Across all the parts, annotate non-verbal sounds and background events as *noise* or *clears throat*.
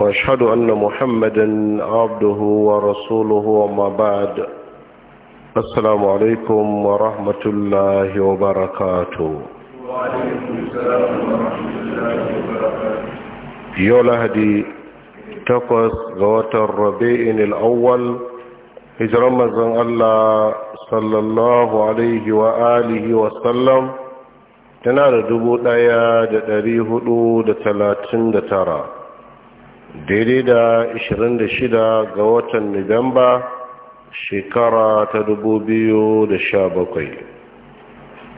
واشهد ان محمدا عبده ورسوله وما بعد السلام عليكم ورحمه الله وبركاته وعليكم السلام ورحمه الله وبركاته يولا هدي تقوس غوات الربيع الاول هجر مزن الله صلى الله عليه واله وسلم tana da dubu ɗaya da ɗari hudu da talatin da tara daidai da 26 ga watan Nuwamba shekara ta 2017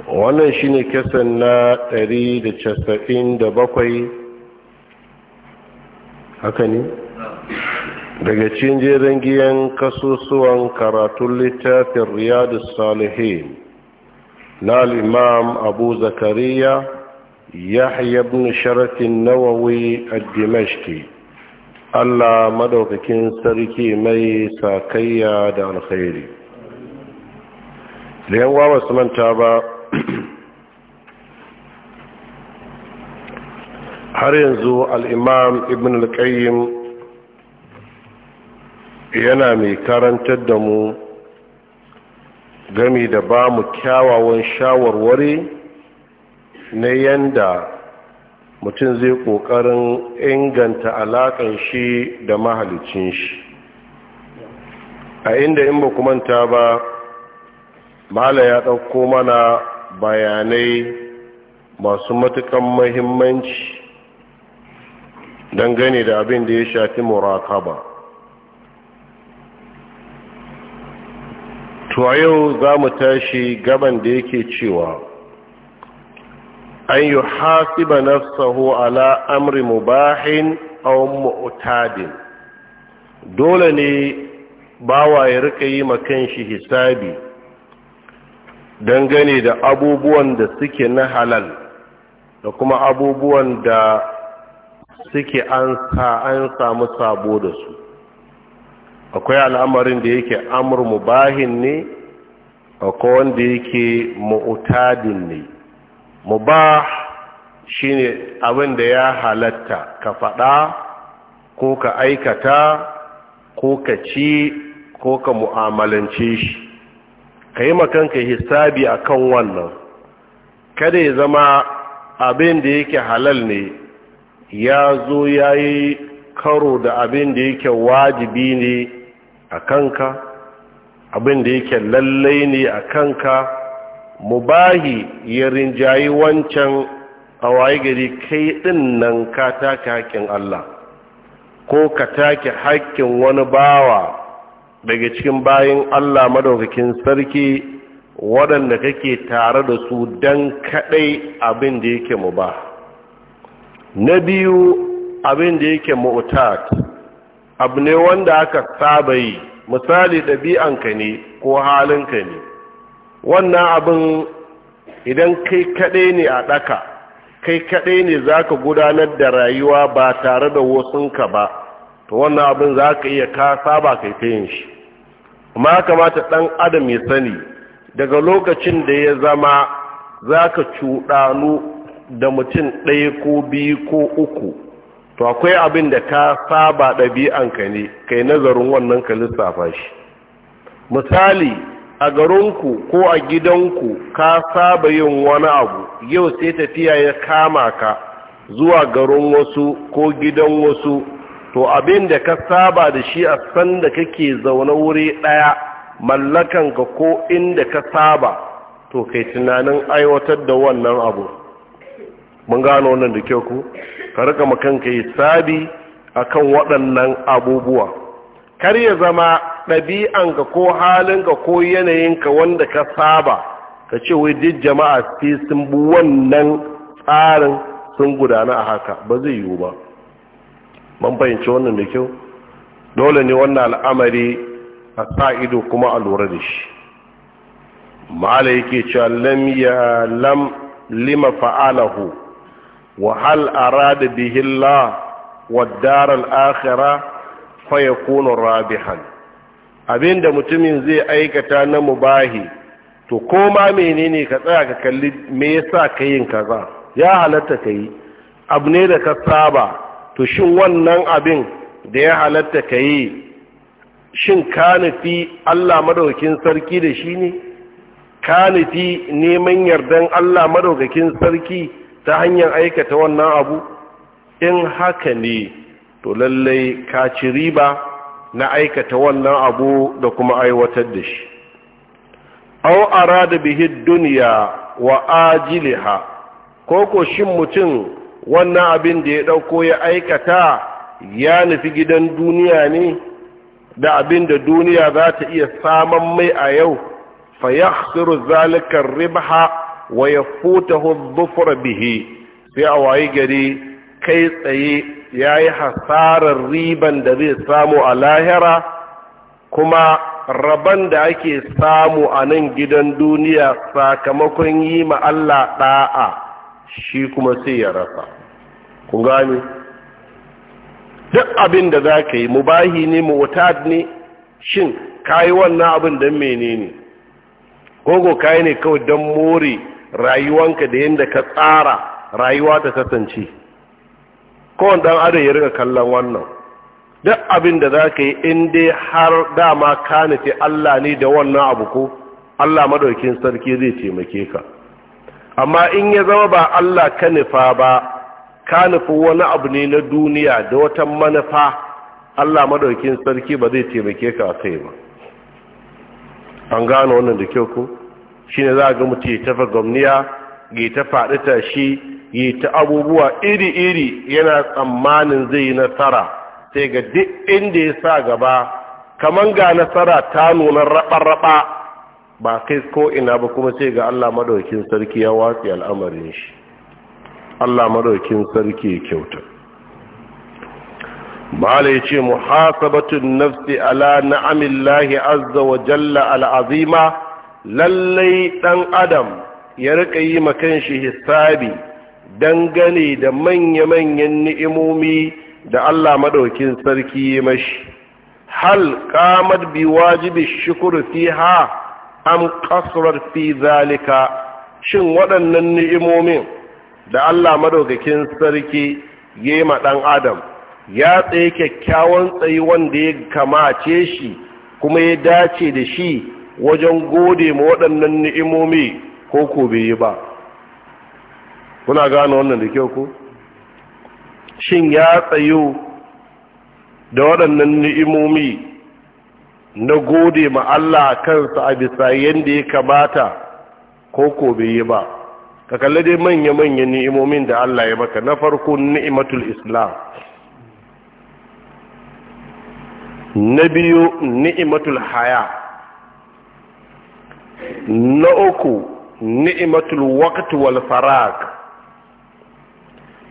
wannan shine kasan na 197 haka ne daga cikin jerin giyan kasusuwan karatun littafin riyadu salihin na imam abu zakariya yahya ibn sharafin nawawi a dimashki Allah madaukakin sarki mai sakayya da alkhairi da yan wawa su manta ba *clears throat* har yanzu al'imam ibn al-qayyim yana mai karantar da mu gami da ba mu kyawawan shawarwari na yanda mutum zai ƙoƙarin inganta alaƙan shi da mahalicin shi a inda in ba manta ba mala ya ɗauko mana bayanai masu matukan mahimmanci dangane da abin da ya shafi murakaba to yau za mu tashi gaban da yake cewa an yi hasiba nafsahu ala amri mubahin aw mu'tadin dole ne bawa ya rika yi makan shi hisabi dangane da abubuwan da suke na halal da kuma abubuwan da suke an sa an samu sabo da su akwai al'amarin da yake amur mubahin ne akwai wanda yake mu'tadin ne mubah shine abin da ya halatta ka faɗa ko ka aikata ko ka ci ko ka mu'amalance shi ka yi makanka hisabi a kan wannan kada ya zama abin da yake halal ne ya zo ya yi karo da abin da yake wajibi ne a kanka abin da yake lallai ne a kanka mubahi ya rinjayi wancan a waye gari kai ɗin nan ka take haƙƙin Allah ko ka take haƙƙin wani bawa daga cikin bayin Allah madaukakin sarki waɗanda kake tare da su don kaɗai abin da yake mu ba na biyu abin da yake mu'tat abu ne wanda aka saba yi misali ɗabi'anka ne ko halinka ne wannan abin idan kai kaɗai ne a ɗaka kai kaɗai ne za ka gudanar da rayuwa ba tare da wasunka ba to wannan abin za ka iya ka saba kai ta yin shi amma kamata ɗan adam ya sani daga lokacin da ya zama za ka cuɗanu da mutum ɗaya ko biyu ko uku to akwai abin da ka saba ɗabi'anka ne kai nazarin wannan ka lissafa shi misali a garinku ko a gidanku ka saba yin wani abu yau sai tafiya ya kama ka zuwa garin wasu ko gidan wasu to abin da ka saba da shi a san da kake zaune wuri ɗaya mallakan ka ko inda ka saba to kai tunanin aiwatar da wannan abu mun gano wannan da kyau ku ka rika makanka yi sabi akan waɗannan abubuwa kar ya zama ɗabi'an ɗabi'anka ko halinka ko yanayinka wanda ka saba ka ce wai duk jama'a sai sun bi wannan tsarin sun gudana a haka ba zai yiwu ba man fahimci wannan da kyau dole ne wannan al'amari a sa ido kuma a lura da shi ma'ala yake cewa lam ya lam lima fa'alahu wa hal arada bihi Allah wa daral akhirah faya kuna rabihan da mutumin zai aikata na mubahi to koma menene ka tsaya ka kalli me yasa ka yin kaza ya halatta ka yi abu ne da ka saba to shin wannan abin da ya halatta ka yi shin ka nufi Allah madaukakin sarki da shi ne ka nufi neman yardan Allah madaukakin sarki ta hanyar aikata wannan abu in haka ne to lallai ka ci riba na aikata wannan abu da kuma aiwatar da shi au arada bihi duniya wa ajiliha ko ko shin mutum wannan abin da ya dauko ya aikata ya nufi gidan duniya ne da abin da duniya za ta iya saman mai a yau fa yahsiru zalika ribha wa yafutahu dhufra bihi sai a wayi gari kai tsaye ya yi hasarar riban da zai samu a lahira kuma rabon da ake samu a nan gidan duniya sakamakon yi ma Allah ɗa'a shi kuma sai ya rasa ku gani duk abin da za ka yi mubahi ne mu'tad ne shin ka yi wannan abin don menene gogo ka yi ne kawai don more rayuwanka da yadda ka tsara rayuwa ta kasance kowane dan adam ya riga kallon wannan duk abin da za ka yi in dai har dama ka nufi Allah ne da wannan abu ko Allah madaukin sarki zai taimake ka amma in ya zama ba Allah ka nufa ba ka nufi wani abu ne na duniya da wata manufa Allah madaukin sarki ba zai taimake ka kai ba an gano wannan da kyau ko shine za a ga mutum ya tafa gwamniya ya ta faɗi tashi ya ta abubuwa iri-iri yana tsammanin zai yi nasara sai ga duk inda ya sa gaba kamar ga nasara ta nuna raɓa-raɓa ba kai ko ina ba kuma sai ga Allah maɗaukin sarki ya watsi al'amarin shi Allah maɗaukin sarki ya kyauta bala ya ce muhasabatun nafsi ala na'amillahi azza wa jalla al'azima lallai ɗan adam ya rika yi ma kan shi hisabi dangane da manya-manyan ni'imomi da Allah maɗaukin sarki mashi hal kamar bi wajibi shukuru fi ha am kasurar fi zalika shin waɗannan ni'imomin da Allah maɗaukakin sarki ya yi ɗan adam ya tsaye kyakkyawan tsayi wanda ya kamace shi kuma ya dace da shi wajen gode ma waɗannan ni'imomi ko ko bai yi ba kuna gano wannan da kyau ko shin ya tsayo da waɗannan ni'imomi na gode ma Allah kansa a bisa yadda ya kamata ko ko bai yi ba ka kalli dai manya-manyan ni'imomin da Allah ya maka na farko ni'imatul islam na biyu ni'imatul haya na uku ni'imatul waqt wal farag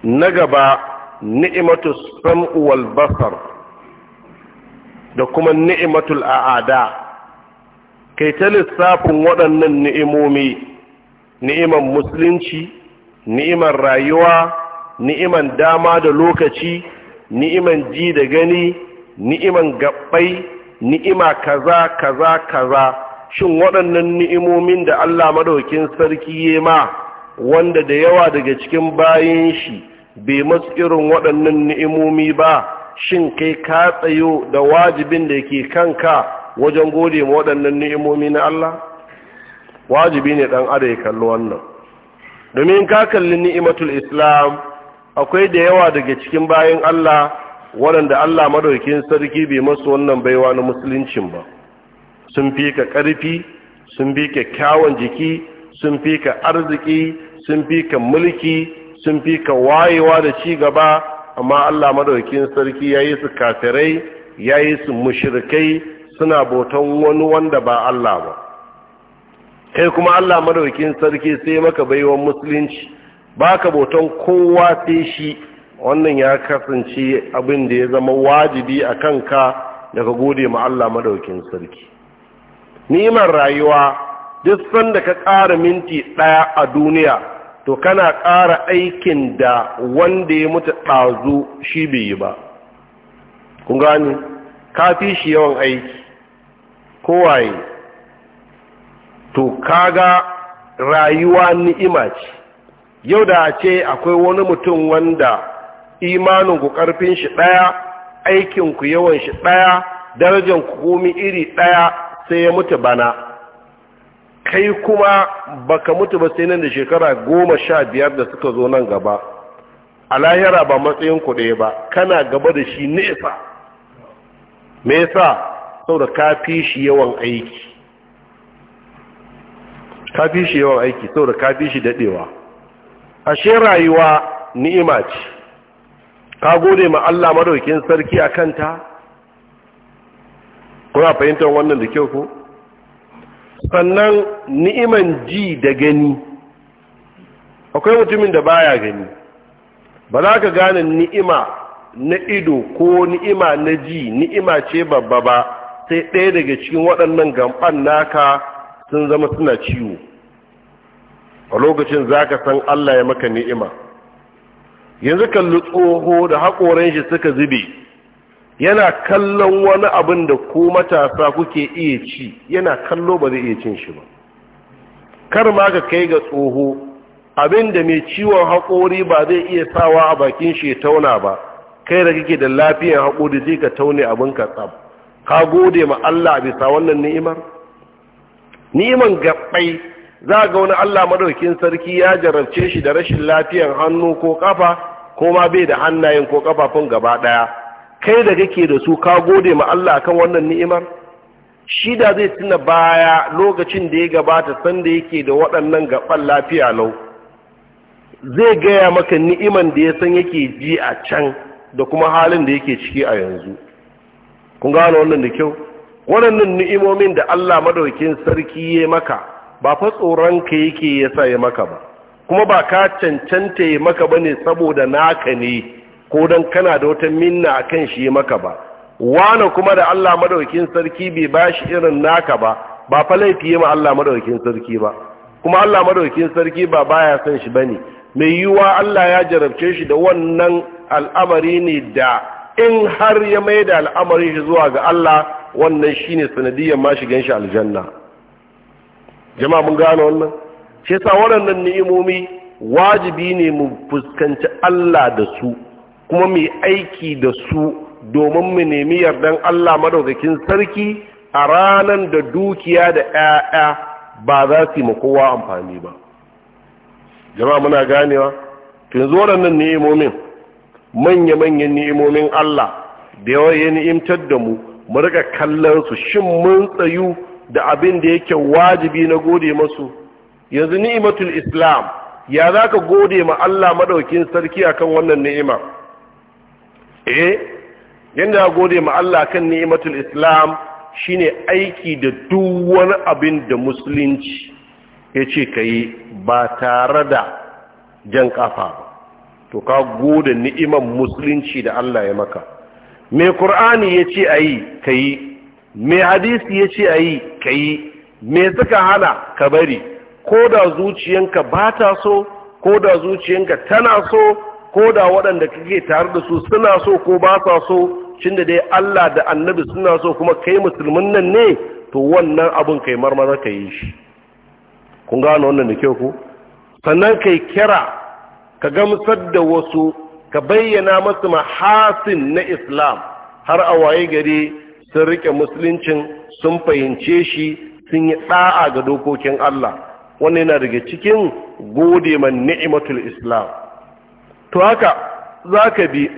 na gaba ni'imatul sam'u wal basar da kuma ni'imatul a'ada kai ta lissafin waɗannan ni'imomi ni'iman musulunci ni'iman rayuwa ni'iman dama da lokaci ni'iman ji da gani ni'iman gabbai ni'ima kaza kaza kaza shin waɗannan ni'imomin da Allah madaukin sarki ya ma wanda da yawa daga cikin bayan shi bai matsu irin waɗannan ni'imomi ba shin kai ka tsayo da wajibin da yake kanka wajen gode ma waɗannan ni'imomi na Allah wajibi ne dan ada ya kalli wannan domin ka kalli ni'imatul islam akwai da yawa daga cikin bayan Allah waɗanda Allah madaukin sarki bai masu wannan baiwa na musuluncin ba sun fi ka ƙarfi sun fi ka kyawun jiki sun fi ka arziki sun fi ka mulki sun fi ka wayewa da ci gaba amma Allah Madaukin sarki ya yi su kafirai ya yi su mushrikai suna bautan wani wanda ba Allah ba kai kuma Allah Madaukin sarki sai maka baiwan musulunci baka bautan kowa sai shi wannan ya kasance abin da ya zama wajibi a kanka daga gode ma Allah Madaukin sarki Niman rayuwa duk sanda ka ƙara minti ɗaya a duniya to kana ƙara aikin da wanda ya mutu ɗazu shi bai yi ba kun gani ka fi shi yawan aiki kowaye to kaga rayuwa ni'ima ce yau da ce akwai wani mutum wanda imanin ku ƙarfin shi ɗaya aikin ku yawan shi ɗaya darajar ku komi iri ɗaya sai ya mutu bana kai kuma baka mutu ba sai nan da shekara goma sha biyar da suka zo nan gaba a lahira ba matsayin ku ɗaya ba kana gaba da shi nesa me yasa saboda ka fi shi yawan aiki ka shi yawan aiki saboda ka fi shi daɗewa ashe rayuwa ni'ima ce ka gode ma Allah madaukin sarki a kanta kuna fahimtar wannan da kyau ko sannan ni'iman ji da gani akwai mutumin da baya gani ba za ka gane ni'ima na ido ko ni'ima na ji ni'ima ce babba ba sai ɗaya daga cikin waɗannan gamban naka sun zama suna ciwo a lokacin za ka san Allah ya maka ni'ima yanzu kan tsoho da haƙoran shi suka zube yana kallon wani abin da ko matasa kuke iya ci yana kallo ba zai iya cin shi ba kar ma ka kai ga tsoho abin da mai ciwon haƙori ba zai iya sawa a bakin shi tauna ba kai da kake da lafiyan haƙori zai ka taune abin ka tsab ka gode ma Allah bisa wannan ni'imar ni'iman gabbai za ga wani Allah madaukin sarki ya jarabce shi da rashin lafiyar hannu ko kafa ko ma bai da hannayen ko kafafun gaba daya kai da kake da su ka gode ma Allah kan wannan ni'imar shi da zai tuna baya lokacin da ya gabata sanda yake da waɗannan gaban lafiya lau zai gaya maka ni'iman da ya san yake ji a can da kuma halin da yake ciki a yanzu kun gano wannan da kyau waɗannan ni'imomin da Allah madaukin sarki ya maka ba fa tsoron ka yake yasa ya maka ba kuma ba ka cancanta ya maka bane saboda naka ne ko don kana da wata minna a kan shi maka ba wane kuma da Allah madaukin sarki bai ba shi irin naka ba ba fa laifi ma Allah madaukin sarki ba kuma Allah madaukin sarki ba baya son shi ba ne. mai yiwuwa Allah ya jarabce shi da wannan al'amari ne da in har ya mai da al'amari shi zuwa ga Allah wannan shine sanadiyar ma shi aljanna jama'a mun gane wannan shi yasa waɗannan ni'imomi wajibi ne mu fuskanci Allah da su kuma mu aiki da su domin mu nemi yardan Allah madaukakin sarki a ranan da dukiya da ƴaƴa ba za su yi kowa amfani ba jama'a muna ganewa da nan ni'imomin manya-manyan ni'imomin Allah da yawa ya ni'imtar da mu mu rika kallon su shin mun tsayu da abin da yake wajibi na gode masu yanzu ni'imatul islam ya za ka gode ma Allah madaukin sarki akan wannan ni'ima eh yanda gode ma Allah kan ni'imatul islam shine aiki da duk wani abin da musulunci yace kai ba tare da jan kafa ba to ka gode ni'iman musulunci da Allah ya maka me qur'ani yace ayi kai me hadisi yace ayi kai me suka hana ka bari ko da zuciyanka ba ta so ko da zuciyanka tana so ko da waɗanda kake tare da su suna so ko ba sa so cin da dai Allah da annabi suna so kuma kai musulmin nan ne to wannan abin kai marmara ka yi shi kun gano wannan da kyau ku sannan kai kira ka gamsar da wasu ka bayyana masu mahasin na islam har a waye gari sun rike musuluncin sun fahimce shi sun yi ɗa'a ga dokokin Allah wannan yana daga cikin gode man ni'imatul islam to haka za ka bi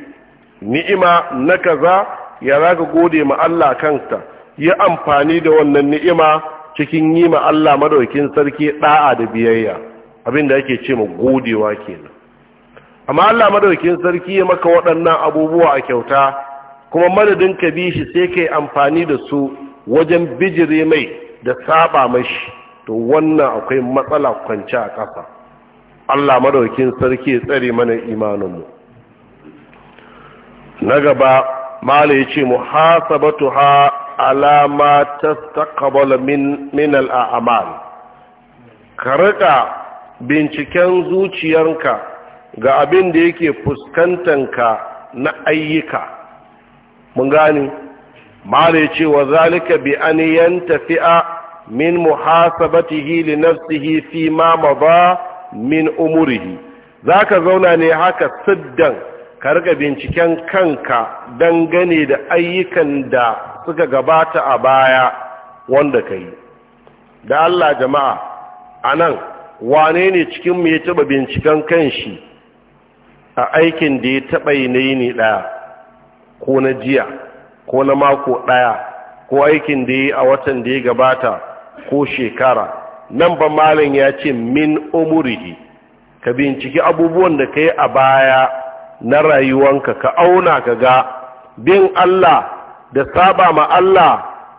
ni'ima na kaza ya za gode ma Allah kanta yi amfani da wannan ni'ima cikin yi ma Allah madaukin sarki ɗa'a da biyayya abinda da ake ce ma godewa kenan amma Allah madaukin sarki ya maka waɗannan abubuwa a kyauta kuma madadin ka bi shi sai ka yi amfani da su wajen bijire mai da saba mashi to wannan akwai matsala kwanci a ƙasa Allah madaukin sarki tsare mana imaninmu na gaba mala ya ce ha alama tastaqbal min min al'amal ka rika binciken zuciyarka ga abin da yake fuskantanka na ayyuka mun gani mala ya ce wa zalika bi an yantafi'a min muhasabatihi li nafsihi fi ma ba? min umurihi za ka zauna ne haka siddan ka riga binciken kanka dangane da ayyukan da suka gabata a baya wanda ka yi da Allah jama'a a nan wane ne cikin mai taɓa binciken kanshi a aikin da ya taɓa yi na yini ɗaya ko na jiya ko na mako ɗaya ko aikin da ya yi a watan da ya gabata ko shekara nan ba malin ya ce min umurihi ka binciki abubuwan da ka yi a baya na rayuwanka ka auna ka ga bin Allah da saba ma Allah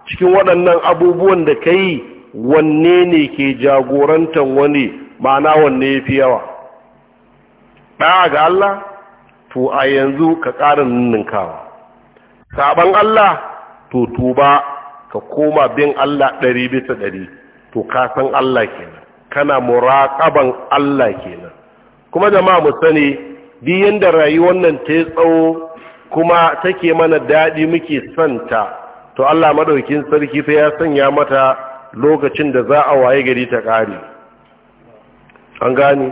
cikin waɗannan abubuwan da ka yi wanne ne ke jagorantar wani ma'ana wanne ya fi yawa ɗaya ga Allah to a yanzu ka ƙarin ninninkawa sabon Allah to tuba ka koma bin Allah ɗari bisa ɗari to ka san Allah kenan kana muraqaban Allah kenan kuma jama'a mu sani duk yanda rayuwar nan ta tsawo kuma take mana dadi muke santa to Allah madaukin sarki fa ya sanya mata lokacin da za a waye gari ta kare an gane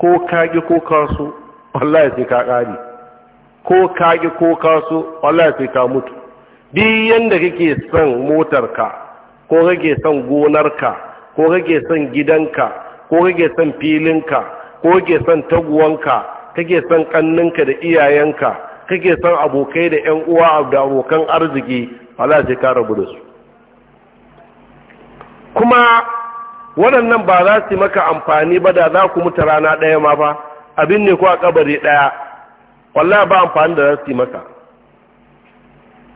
ko kage ko kaso wallahi sai ka kare ko kage ko kaso wallahi sai ka mutu duk yanda kake son motar ka ko kake son gonarka ko kake son gidanka ko kake son filinka ko kake son taguwanka kake son kanninka da iyayenka kake son abokai da 'yan uwa da abokan arziki Allah sai ka rabu da su kuma waɗannan ba za su maka amfani ba da za ku mutu rana ɗaya ma ba abin ne ko a kabari ɗaya wallahi ba amfani da za su maka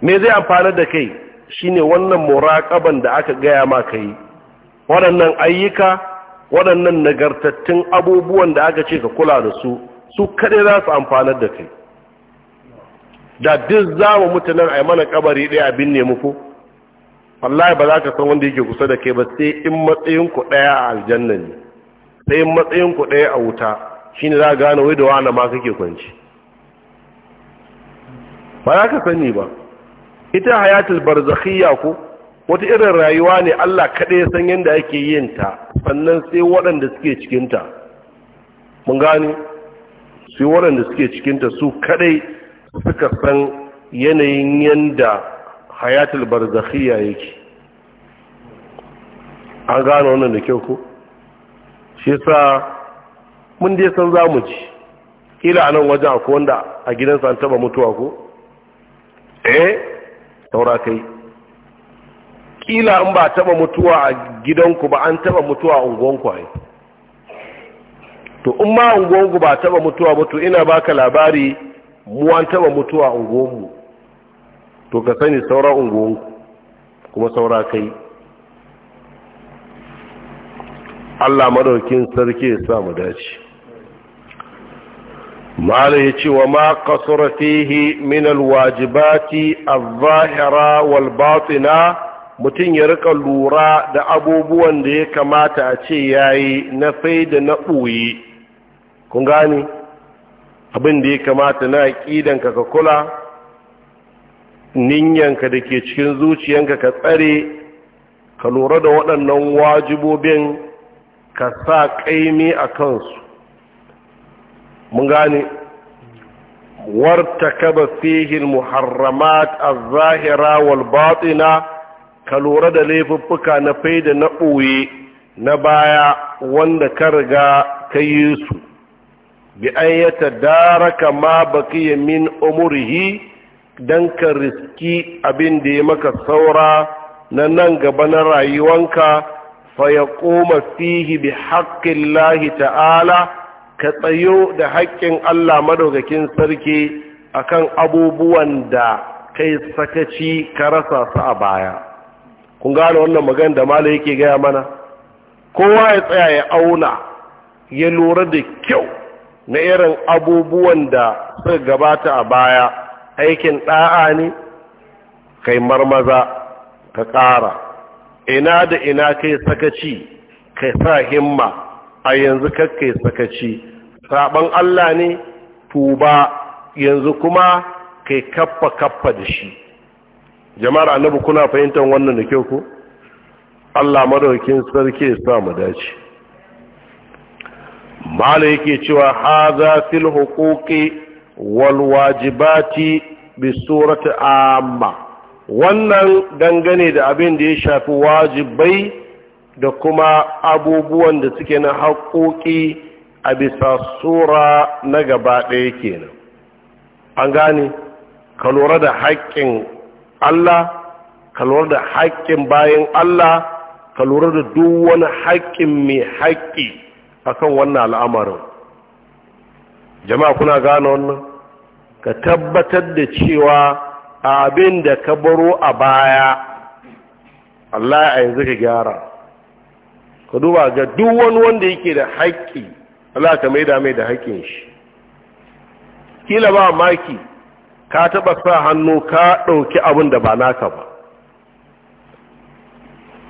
me zai amfani da kai shine wannan muraƙaban da aka gaya ma ka yi waɗannan ayyuka waɗannan nagartattun abubuwan da aka ce ka kula da su su kaɗai za su amfanar da kai da duk za mu mutu nan a mana ƙabari ɗaya abin ne muku wallahi ba za ka san wanda yake kusa da kai ba sai in matsayinku ɗaya a aljanna ne sai in matsayinku ɗaya a wuta shine za ka gane wai da wani ma kake kwanci ba za ka sani ba ita hayatul barzakhiyya ko wata irin rayuwa ne Allah kaɗai san yadda yake yin ta sannan sai waɗanda suke cikinta mun gani sai waɗanda suke cikinta su kaɗai suka san yanayin yadda hayatul barzakhiyya yake an gano wannan da kyau ko shi sa mun dai san za mu ci kila a nan wajen akwai wanda a gidansa an taba mutuwa ko eh taura kai kila in ba taba mutuwa a gidanku ba an taba mutuwa a unguwanku ai to in ma unguwanku ba taba mutuwa ba to ina baka labari mu an taba mutuwa a unguwanmu to ka sani saura unguwanku kuma saura kai Allah madaukin sarki ya sa mu dace Malam ya ce wa ma kasura fihi min alwajibati al-zahira wal batina mutum ya rika lura da abubuwan da ya kamata a ce yayi na fai da na ɓoye kun gani abin da ya kamata na ƙidanka ka kula ninyanka da ke cikin zuciyanka ka tsare ka lura da waɗannan wajibobin ka sa ƙaimi a kansu mun gane kaba fihi muharramat az-zahira wal batina ka lura da laifuffuka na faida na ɓoye na baya wanda ka riga ka yi su bi an daraka ma baqiya min umrihi dan ka riski abin da ya maka saura na nan gaba na rayuwanka fa ya koma fihi bi haƙƙin ta'ala ka tsayo da haƙƙin Allah madaukakin sarki akan abubuwan da kai sakaci ka rasa su a baya kun gane wannan magana da mala yake gaya mana kowa ya tsaya ya auna ya lura da kyau na irin abubuwan da suka gabata a baya aikin ɗa'a ne kai marmaza ka ƙara ina da ina kai sakaci kai sa himma a yanzu kakkai sakaci saban Allah ne tuba yanzu kuma kai kaffa kaffa da shi jama'ar annabi kuna fahimtar wannan da kyau ko Allah madaukin sarki ya sa mu dace mala yake cewa hadha fil huquqi wal wajibati bi surati amma wannan dangane da abin da ya shafi wajibai da kuma abubuwan da suke na haƙoƙi a bisa sura na gaba ɗaya kenan an gane ka lura da haƙƙin Allah ka lura da haƙƙin bayan Allah ka lura da duk wani haƙƙin mai haƙƙi akan wannan al'amarin jama'a kuna gane wannan ka tabbatar da cewa abin da ka baro a baya Allah ya yanzu ka gyara ka duba ga duk wani wanda yake da haƙƙi Allah ka da mai da haƙƙin shi kila ba maki ka taɓa sa hannu ka ɗauki abin da ba naka ba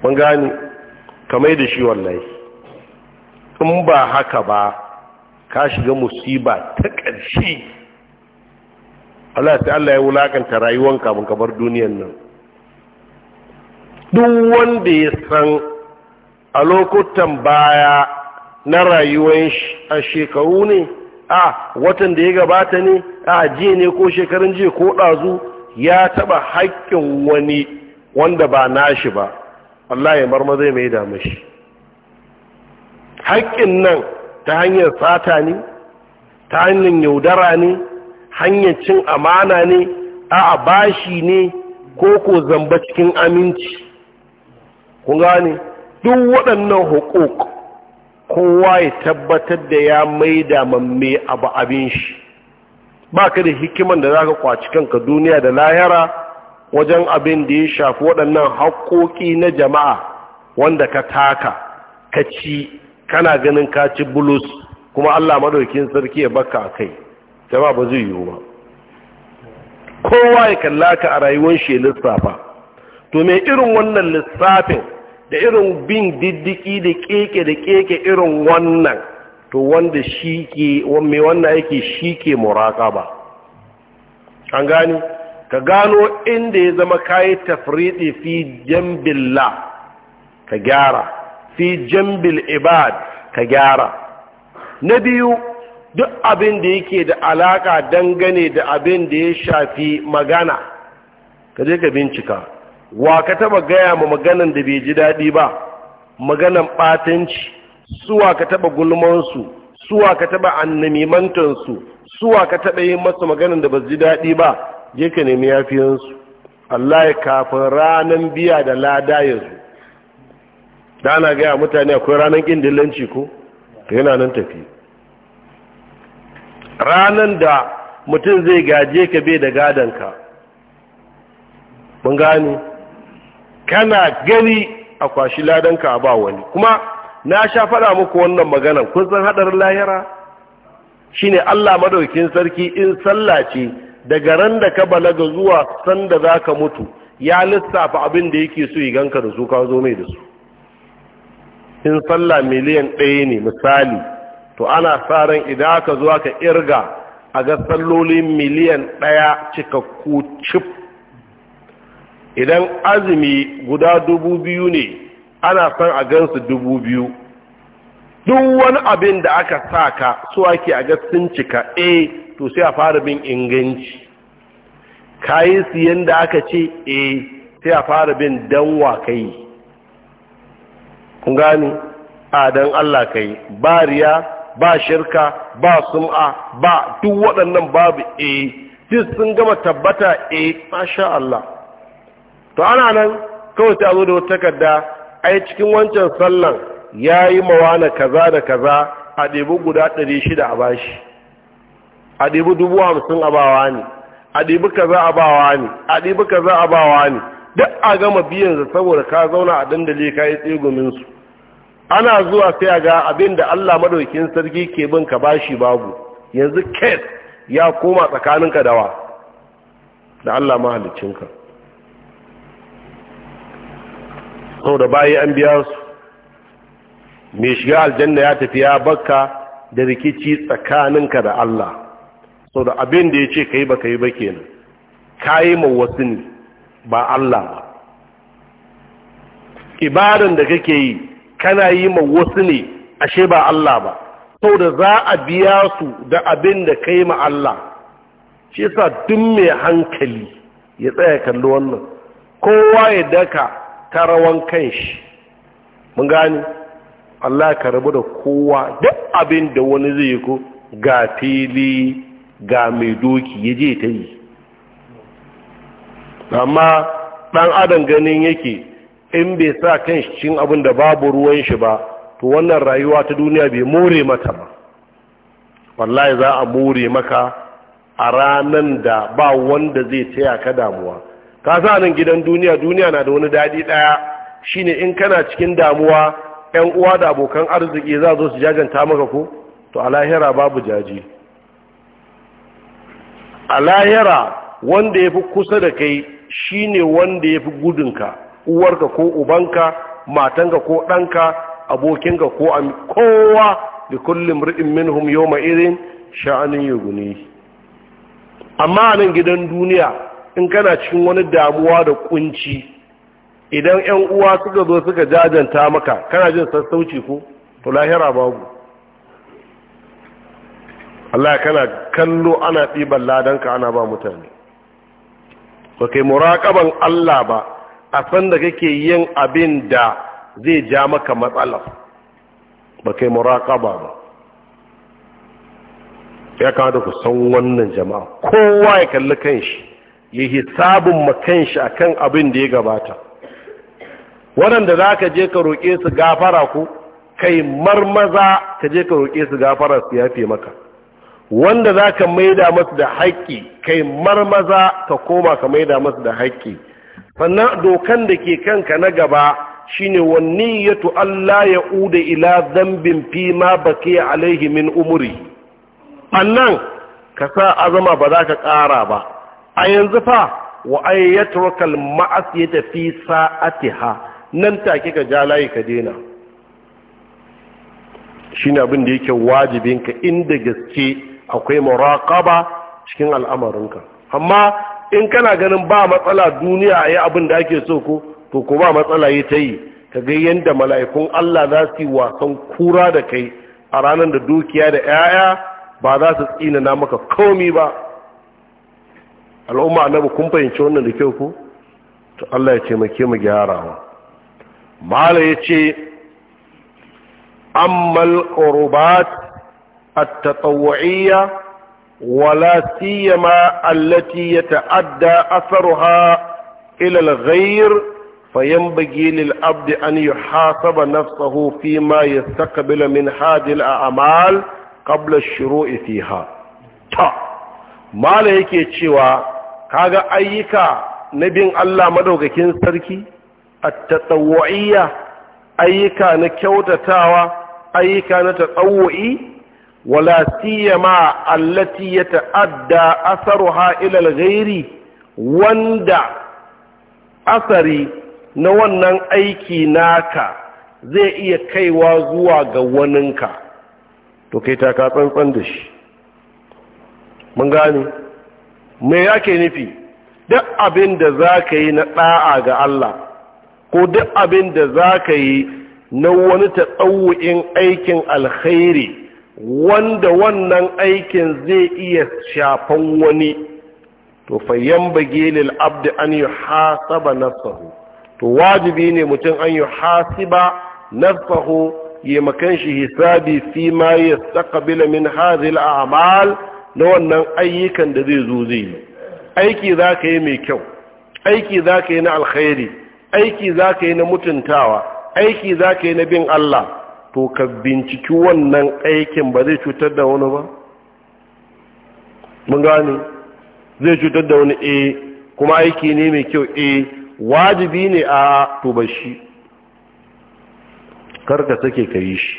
mun gani ka maida shi wallahi in ba haka ba ka shiga musiba ta ƙarshe Allah sai Allah ya wulakanta rayuwanka mun kabar bar duniyan nan duk wanda ya san a lokutan baya na rayuwan a shekaru ne a watan da ya gabata ne a jiya ne ko shekarun jiya ko ɗazu ya taɓa haƙƙin wani wanda ba nashi ba Allah ya marma zai mai shi haƙƙin nan ta hanyar sata ne ta hanyar yaudara ne hanyar cin amana ne a bashi ne ko ko zamba cikin aminci ku gane duk waɗannan hukuk kowa ya tabbatar da ya maida mamme abu abin shi ba ka da hikiman da za ka kwaci kanka duniya da lahira wajen abin da ya shafi waɗannan haƙoƙi na jama'a wanda ka taka ka ci kana ganin ka ci bulus kuma allah maɗaukin sarki ya baka a kai jama'a ba zai yiwu ba kowa ya kalla ka a rayuwar shi lissafa to me irin wannan lissafin da irin bin diddiki da keke da keke irin wannan to wanda shi ke mai wannan yake shi ke ba. an gani ka gano inda ya zama kayi tafriɗi fi jambilla ka gyara fi jambil ibad ka gyara na biyu duk abin da yake da alaka dangane da abin da ya shafi magana ka je ka bincika wa ka taba gaya ma maganan da bai ji daɗi ba maganan ɓatanci suwa ka taba gulmansu suwa ka taba annamimantansu suwa ka taba yi masu maganan da ba ji daɗi ba je ka nemi yafiyansu Allah ya kafin ranar biya da lada ya zo da ana gaya mutane akwai ranar ƙin dillanci ko ta yana nan tafi Ranar da mutum zai gaje ka bai da gadonka mun gane kana gani a kwashi ladanka a ba wani kuma na sha faɗa muku wannan maganar kun san haɗarin lahira shine Allah madaukin sarki in sallah ce daga ran da ka balaga zuwa san da zaka mutu ya lissafa abin da yake so ka da su ka zo mai da su in sallah miliyan ɗaya ne misali to ana sa ran idan ka zo ka irga a ga sallolin miliyan ɗaya cikakku cip. idan azumi guda dubu biyu ne ana son a gansu dubu biyu duk wani abin da aka sa ka su ake a sun cika eh to sai a fara bin inganci kayi siyan da aka ce e sai a fara bin danwa kai gani a don Allah kai ba riya ba shirka ba sum'a ba duk waɗannan babu e duk sun gama tabbata e masha Allah to ana nan kawai sai a zo da wata takarda ai cikin wancan sallan ya yi mawana kaza da kaza a ɗebi guda ɗari shida a bashi a ɗebi dubu hamsin a bawa ne a ɗebi kaza a bawa ne a ɗebi kaza a bawa ne duk a gama biyan za saboda ka zauna a dandali ka yi tsegumin su ana zuwa sai ga abin da Allah madaukin sarki ke bin ka bashi babu yanzu kes ya koma tsakaninka da wa da Allah mahaliccinka saboda bayi an biya su mai shiga aljanna ya tafi ya bakka da rikici tsakaninka da Allah saboda abin da ya ce ka yi ba ka yi ba kenan ka yi ma wasu ne ba Allah ba ibadan da kake yi kana yi ma wasu ne ashe ba Allah ba saboda za a biya su da abin da ka yi ma Allah shi yasa duk mai hankali ya tsaya kallo wannan kowa ya daka ta rawan shi mun gani Allah ka rabu da kowa duk abin da wani zai yi ko ga fili ga mai doki ya je ta yi amma ɗan adam ganin yake in bai sa kan shi cin abin da babu ruwan shi ba to wannan rayuwa ta duniya bai more mata ba wallahi za a more maka a ranan da ba wanda zai taya ka damuwa ka sa nan gidan duniya duniya na da wani daɗi ɗaya shine in kana cikin damuwa yan uwa da abokan arziki za zo su jajanta maka ko to a lahira babu jaji a lahira wanda ya fi kusa da kai shine wanda ya fi gudunka uwarka ko ubanka matanka ko ɗanka abokinka ko kowa da kullum ri'in minhum yau ma'irin sha'anin yuguni amma nan gidan duniya in kana cikin wani damuwa da kunci idan yan uwa suka zo suka jajanta maka kana jin sassauci ko to lahira babu Allah kana kallo ana ɗiban ladanka ana ba mutane ba kai muraqaban Allah ba a san da kake yin abin da zai ja maka matsala ba kai muraqaba ba ya kada ku san wannan jama'a kowa ya kalli kanshi ya hisabin shi a kan abin da ya gabata waɗanda za ka je ka roƙe su gafara ku kai marmaza ka je ka roƙe su gafara su yafe maka wanda za ka maida masu da haƙƙi kai marmaza ka koma ka maida masu da haƙƙi sannan dokan da ke kanka na gaba shi ne wani ya Allah ya uda ila zambin fi ma baki alaihi min umuri annan ka sa azama ba za ka ƙara ba a yanzu fa wa turkal ma'as ya tafi sa'atiha nan take ka ja layi ka dena shine abin da yake wajibin ka inda gaske akwai muraqaba cikin al'amarinka amma in kana ganin ba matsala duniya ayi abin da ake so ko to ko ba matsala yi ta yi ka ga yadda mala'ikun Allah za su yi wasan kura da kai a ranar da dukiya da ‘ya'ya ba za su tsina na maka komi ba al'umma annabi kun fahimci wannan da kyau ko to Allah ya taimake mu gyarawa mala yace ammal qurbat at-tatawwiyya wala siyama allati yata'adda asaruha ila al-ghayr fayanbaghi lil abdi an yuhasaba nafsahu fima yastaqbilu min hadhihi al-a'mal qabla ash-shuru'i fiha ta mala yake cewa kaga ayyuka na bin Allah madaukakin sarki at-tatawwu'iyya ayyuka na kyautatawa ayyuka na tatawwu'i wala siyama allati yata'adda asaruha ila al-ghairi wanda asari na wannan aiki naka zai iya kaiwa zuwa ga waninka to kai ta ka tsantsan da shi mun gane me yake nufi duk abin da za ka yi na ɗa'a ga Allah ko duk abin da za ka yi na wani ta taɗau'in aikin alkhairi wanda wannan aikin zai iya shafan wani to fayyan bage abdi an yi hasaba nafsahu to wajibi ne mutum an yi hasiba nafsahu yi makanshi hisabi fi ma ya min hadhihi a a'mal na wannan ayyukan da zai zo zai yi aiki za ka yi mai kyau aiki za ka yi na alkhairi aiki za ka yi na mutuntawa aiki za ka yi na bin Allah to ka binciki wannan aikin ba zai cutar da wani ba mun gane zai cutar da wani A. Eh. kuma aiki ne mai kyau A. Eh. wajibi ne a to ba shi karka sake ka yi shi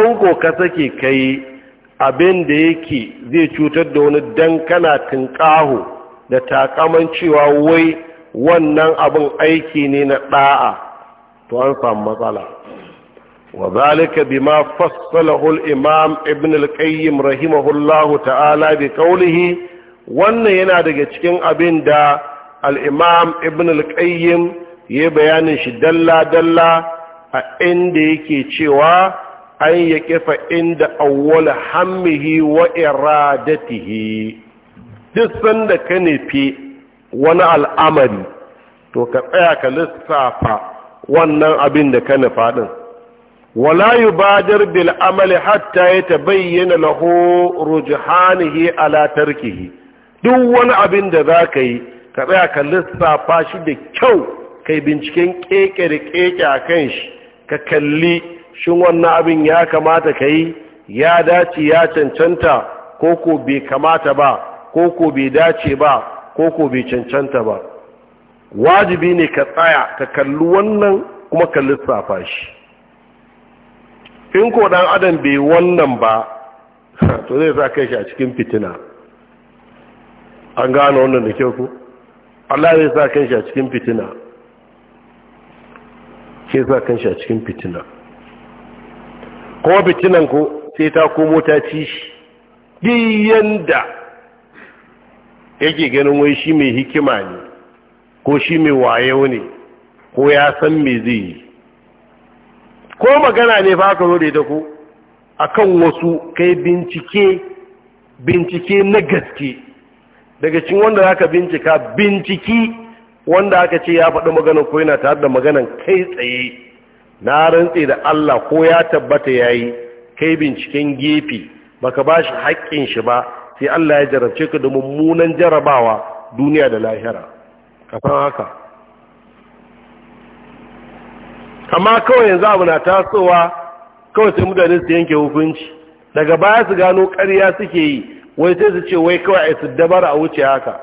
in ko ka sake ka yi abin da yake zai cutar da wani dan kana tunƙaho da takaman cewa wai wannan abin aiki ne na ɗa'a to an samu matsala wa zalika bima fassalahu al-imam ibn al-qayyim rahimahullahu ta'ala bi qawlihi wannan yana daga cikin abin da al-imam ibn al-qayyim ya bayanin shi dalla dalla a inda yake cewa an ya kifa inda awwala hammihi wa iradatihi duk sanda ka nufi wani al'amari to ka tsaya ka lissafa wannan abin da ka nufa din wala yubadar bil amali hatta ya bayyana lahu rujhanihi ala tarkihi duk wani abin da za ka yi ka tsaya ka lissafa shi da kyau kai binciken keke da keke a kan shi ka kalli shin wannan abin ya kamata ka yi ya dace ya cancanta ko ko bai kamata ba ko ko bai dace ba ko ko bai cancanta ba wajibi ne ka tsaya ka kalli wannan kuma ka lissafa shi in ko dan adam bai wannan ba *laughs* to zai sa kai shi a cikin fitina an gano wannan da kyau ku Allah zai sa kai shi a cikin fitina ke sa kan shi a cikin fitina ko fitinan ko sai ta komo ta ci shi diyan da yake ganin wai shi mai hikima ne ko shi mai wayo ne ko ya san me zai yi ko magana ne fa ka zo da ku? ko akan wasu kai bincike bincike na gaske daga cikin wanda zaka bincika binciki wanda aka ce ya faɗi maganan ko yana tare da maganan kai tsaye na rantse da Allah ko ya tabbata ya yi kai binciken gefe baka shi haƙƙin shi ba sai Allah ya jarabce ka da mummunan jarabawa duniya da lahira ka san haka amma kawai yanzu abu na tasowa kawai sai mutane su yanke hukunci daga baya su gano ƙarya suke yi wai sai su ce wai kawai a su dabara a wuce haka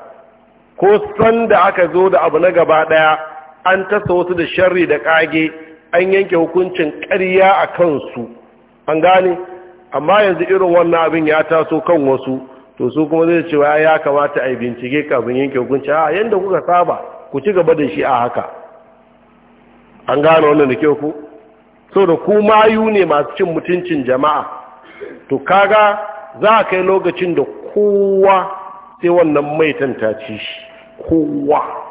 ko san da aka zo da abu na gaba ɗaya an tasa wasu da sharri da ƙage an yanke hukuncin ƙarya a kansu an gane amma yanzu irin wannan abin ya taso kan wasu to su kuma zai cewa ya kamata a yi bincike kafin yanke hukunci a yadda kuka saba ku ci gaba da shi a haka an gane wannan da kyau ku so da ku mayu ne masu cin mutuncin jama'a to kaga za a kai lokacin da kowa sai wannan mai tantace shi kowa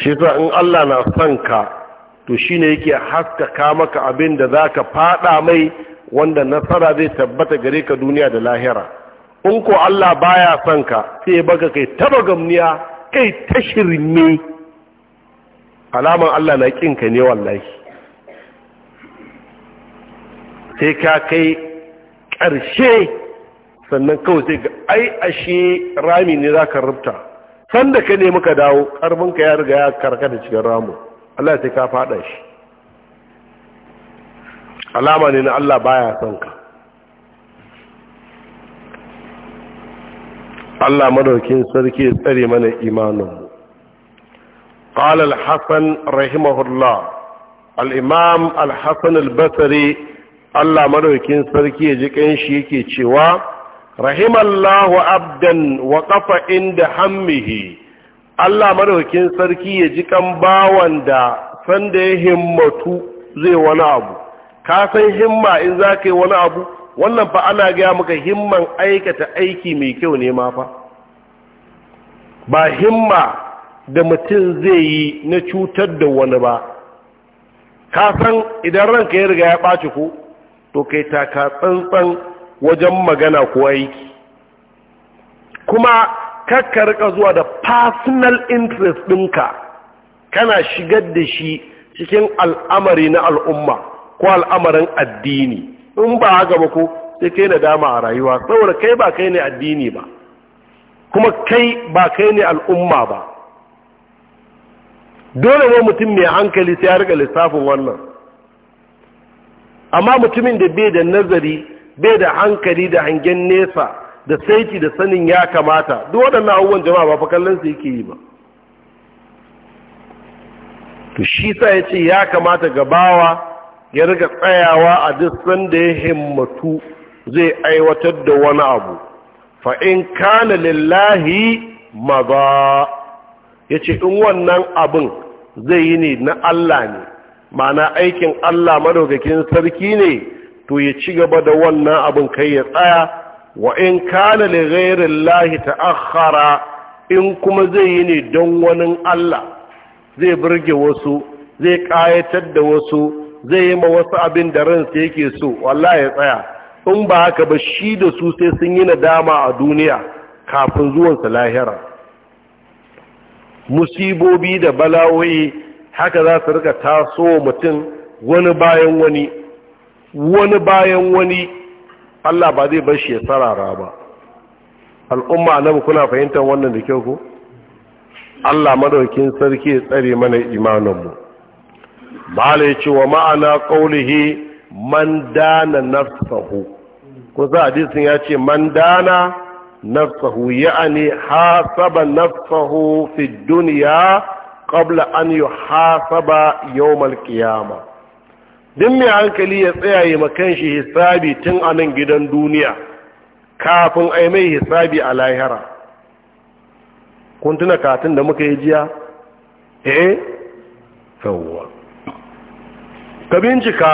shi in Allah na son ka to shine yake haskaka maka abin da za ka fada mai wanda nasara zai tabbata gare ka duniya da lahira in ko Allah baya son ka sai baka kai tabagamniya kai tashirme alaman Allah na kin ka ne wallahi sai ka kai ƙarshe sannan kawai sai ga ai ashe rami ne za ka rubuta sanda ka nemi ka dawo ka ya riga ya karka da cikin ramu Allah sai ka fada shi alama ne na Allah baya son ka Allah madaukin sarki tsare mana imaninmu قال الحسن رحمه الله الإمام الحسن البصري Allah madaukin sarki ya ji kanshi yake cewa rahimallahu abdan wa qafa inda hammihi Allah madaukakin sarki ya ji kan da sanda ya himmatu zai wani abu ka san himma in za ka yi wani abu wannan fa ana gaya maka himman aikata aiki mai kyau ne ma fa ba himma da mutum zai yi na cutar da wani ba ka san idan ranka ya riga ya ɓaci ko to kai taka tsantsan wajen magana ko aiki kuma kakka rika zuwa da personal interest ɗinka kana shigar da shi cikin al'amari na al'umma ko al'amarin addini in ba haka ba ko sai kai na dama a rayuwa saboda kai ba kai ne addini ba kuma kai ba kai ne al'umma ba dole ne mutum mai hankali sai ya rika lissafin wannan amma mutumin da bai da nazari bai da hankali da hangen nesa da saiti da sanin ya kamata duk waɗannan abubuwan jama'a ba fa kallon su yake yi ba to shi sa ya ce ya kamata gabawa ya riga tsayawa a duk sanda ya himmatu zai aiwatar da wani abu fa in kana lillahi maza ya ce in wannan abin zai yi ne na Allah ne ma'ana aikin Allah madaukakin sarki ne to ya ci gaba da wannan abin kai ya tsaya wa in kana li ghairil lahi ta'akhara in kuma zai yi ne don wani Allah zai burge wasu zai kayatar da wasu zai yi ma wasu abin da ransa yake so wallahi ya tsaya in ba haka ba shi da su sai sun yi nadama a duniya kafin zuwan zuwansa lahira musibobi da bala'o'i haka za su rika taso mutum wani bayan wani wani bayan wani Allah ba zai bar shi ya sarara ba al'umma annabi kuna fahimtar wannan da kyau ko Allah madaukin sarki ya tsare mana imanin mu malai ce wa ma'ana qaulihi man dana nafsahu ko za hadisin ya ce man dana nafsahu ya'ani hasaba nafsahu fi dunya qabla an yuhasaba yawm al-qiyamah din mai hankali ya tsayaye makan shi hisabi tun a nan gidan duniya kafin a mai hisabi a lahira kun tuna katin da muka yi jiya eh yawwa ka bincika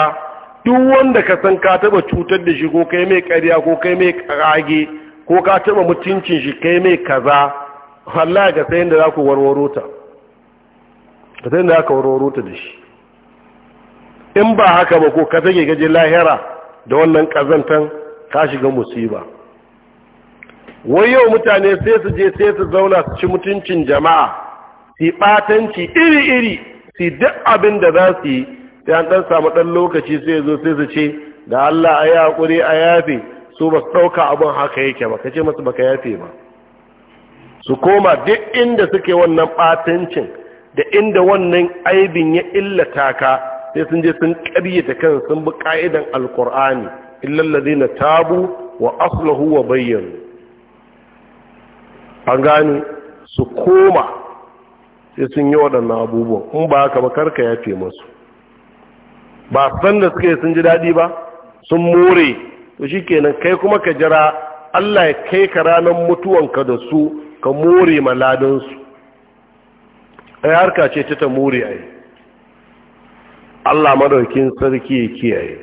duk wanda ka san ka taba cutar da shi ko kai mai ƙarya ko kai mai ƙage ko ka taba mutuncin shi kai mai kaza wallahi ka sayin da za ku warwaro ta ka sayin da za ka warwaro ta da shi in ba haka ba ko ka ke gaje lahira da wannan kazantan ka shiga musiba wai yau mutane sai su je sai su zauna su ci mutuncin jama'a su batanci iri-iri su duk abin da za su yi sai an dan samu ɗan lokaci sai zo sai su ce da Allah a hakuri a yafe su ba su ɗauka abin haka yake ba kace masu baka yafe ba su koma duk inda suke wannan ɓatancin da inda wannan aibin ya illata ka sai sun je sun ƙaryata kan sun bi ka'idan in lallai na tabu wa aslahu wa bayyanu an gani su koma sai sun yi waɗannan abubuwan in ba haka ba ka ya ce masu ba san da suka yi sun ji daɗi ba sun more to shi kenan kai kuma ka jira allah ya kai ka ranar mutuwanka da su ka more maladinsu ai harka ce ta ta more a yi Allah madaukin sarki ya kiyaye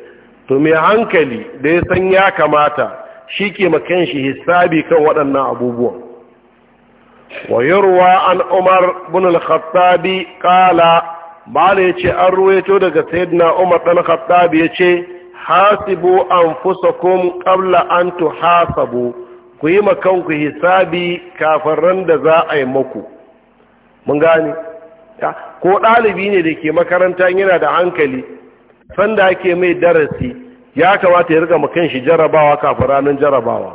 to mai hankali da ya san ya kamata shi ke kan shi hisabi kan waɗannan abubuwan wa yarwa an umar bin al-khattabi qala bala yace an ruwaito daga sayyidina umar dan khattabi yace hasibu anfusakum qabla an tuhasabu ku yi ma ku hisabi kafin ran da za a yi muku mun gane ko ɗalibi ne da ke makaranta yana da hankali sanda ake mai darasi ya kamata ya riga kan shi jarabawa kafin ranar jarabawa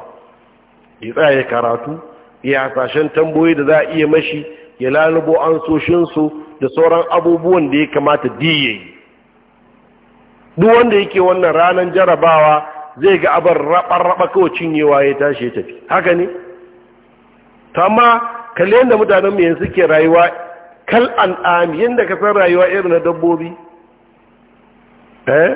ya tsaye karatu ya hasashen tamboyi da za a iya mashi ya lalubo an soshinsu da sauran abubuwan da ya kamata diye duk wanda yake wannan ranar jarabawa zai ga abin raɓa-raɓa kawai cinyewa ya tashi ya tafi haka ne ma kalli da mutanen mai suke rayuwa kal an'am yanda ka san rayuwa irin na dabbobi eh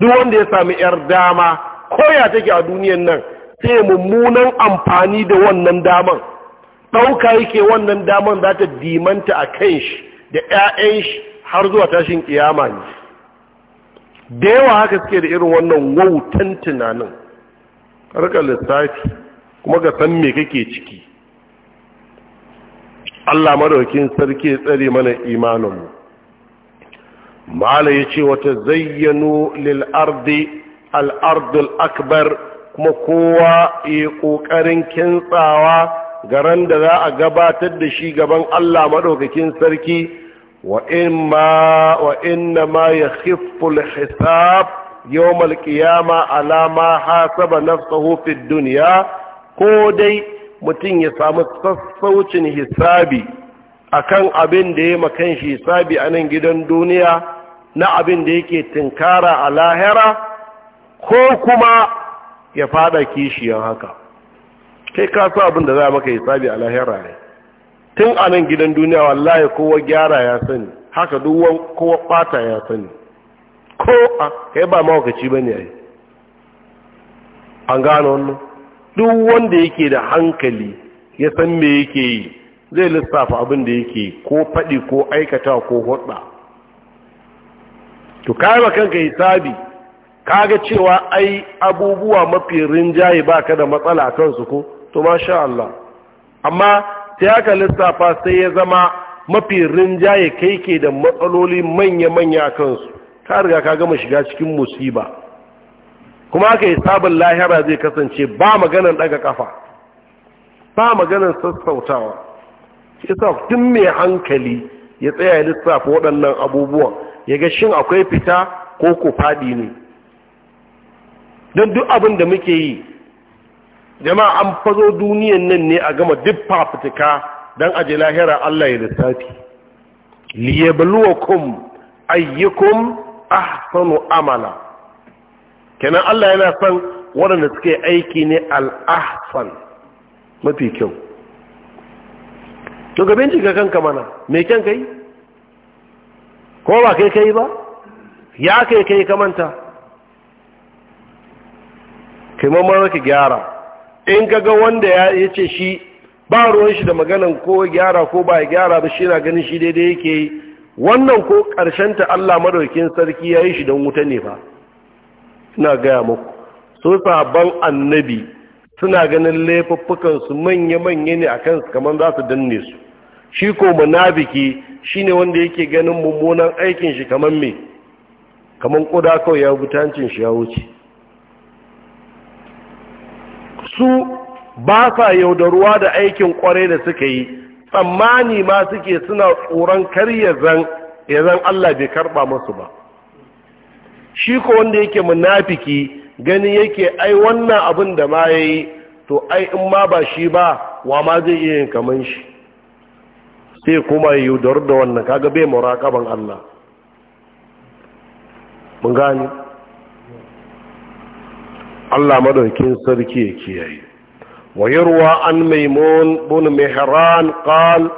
duk wanda ya sami yar dama koya take a duniyan nan sai mummunan amfani da wannan daman ɗauka yake wannan daman za ta dimanta a kan shi da 'ya'yan shi har zuwa tashin kiyama ne da yawa haka suke da irin wannan wautan tunanin harkar lissafi kuma ga san me kake ciki Allah madaukin sarki tsare mana imaninmu mala yace wata zayyanu lilardi al'ardul al akbar kuma kowa ya ƙoƙarin kintsawa garan da za a gabatar da shi gaban Allah madaukakin sarki wa in ma inna ma yakhiffu al hisab yawm al qiyama ala ma hasaba fid ko dai mutum ya samu sassaucin hisabi akan abin da ya makan shi hisabi a nan gidan duniya na abin da yake tinkara a lahira ko kuma ya fada kishiyan haka kai ka abin da za maka hisabi a lahira ne tun a nan gidan duniya wallahi kowa gyara ya sani haka duwan kowa bata ya sani ko a kai ba mawakaci ba ne yi. an gano wannan duk wanda yake da hankali ya san me yake yi zai lissafa abin da yake ko faɗi ko aikata ko hudda to kai ba kanka hisabi kaga cewa ai abubuwa mafi rinjaye baka da matsala kansu ko to masha Allah amma sai aka lissafa sai ya zama mafi rinjaye kai ke da matsaloli manya-manya kansu ka riga ka gama shiga cikin musiba kuma yi sabon lahira zai kasance ba maganar daga kafa ba maganar sassautawa isa tun mai hankali ya tsaya lissafi waɗannan abubuwan ya ga shin akwai fita ko ku faɗi ne don duk abin da muke yi jama'a an fazo duniyan nan ne a gama duk fafutuka don aji lahira Allah ya lissafi liyabluwakum ayyukum ahsanu amala kenan Allah yana son waɗanda suke aiki ne al'ahsan mafi kyau to ga bincika kanka mana me kyan kai ko ba kai kai ba ya kai kai ka kai ka gyara in ka ga wanda ya ce shi ba ruwan shi da maganan ko gyara ko ba gyara ba shi na ganin shi daidai yake yi wannan ko ƙarshen ta Allah madaukin sarki ya yi shi don wuta ne ba Suna gaya muku su sabon annabi suna ganin laifuffukansu manya-manya ne a kansu kamar za su danne su shi ko munafiki shine wanda yake ganin mummunan aikin shi kamar me kamar kuda kawai ya butancin shi ya wuce su ba sa yaudaruwa da aikin kwarai da suka yi tsammani ma suke suna tsoron kar ya zan Allah bai karɓa musu ba shi ko wanda yake munafiki gani yake ai wannan abin da ma yi, to ai in ma ba shi ba wa ma zai iya yin kaman shi sai kuma yudar da wannan kaga bai muraqaban Allah mun gani Allah madaukin sarki ya kiyaye wayarwa an maimun bin mihran qal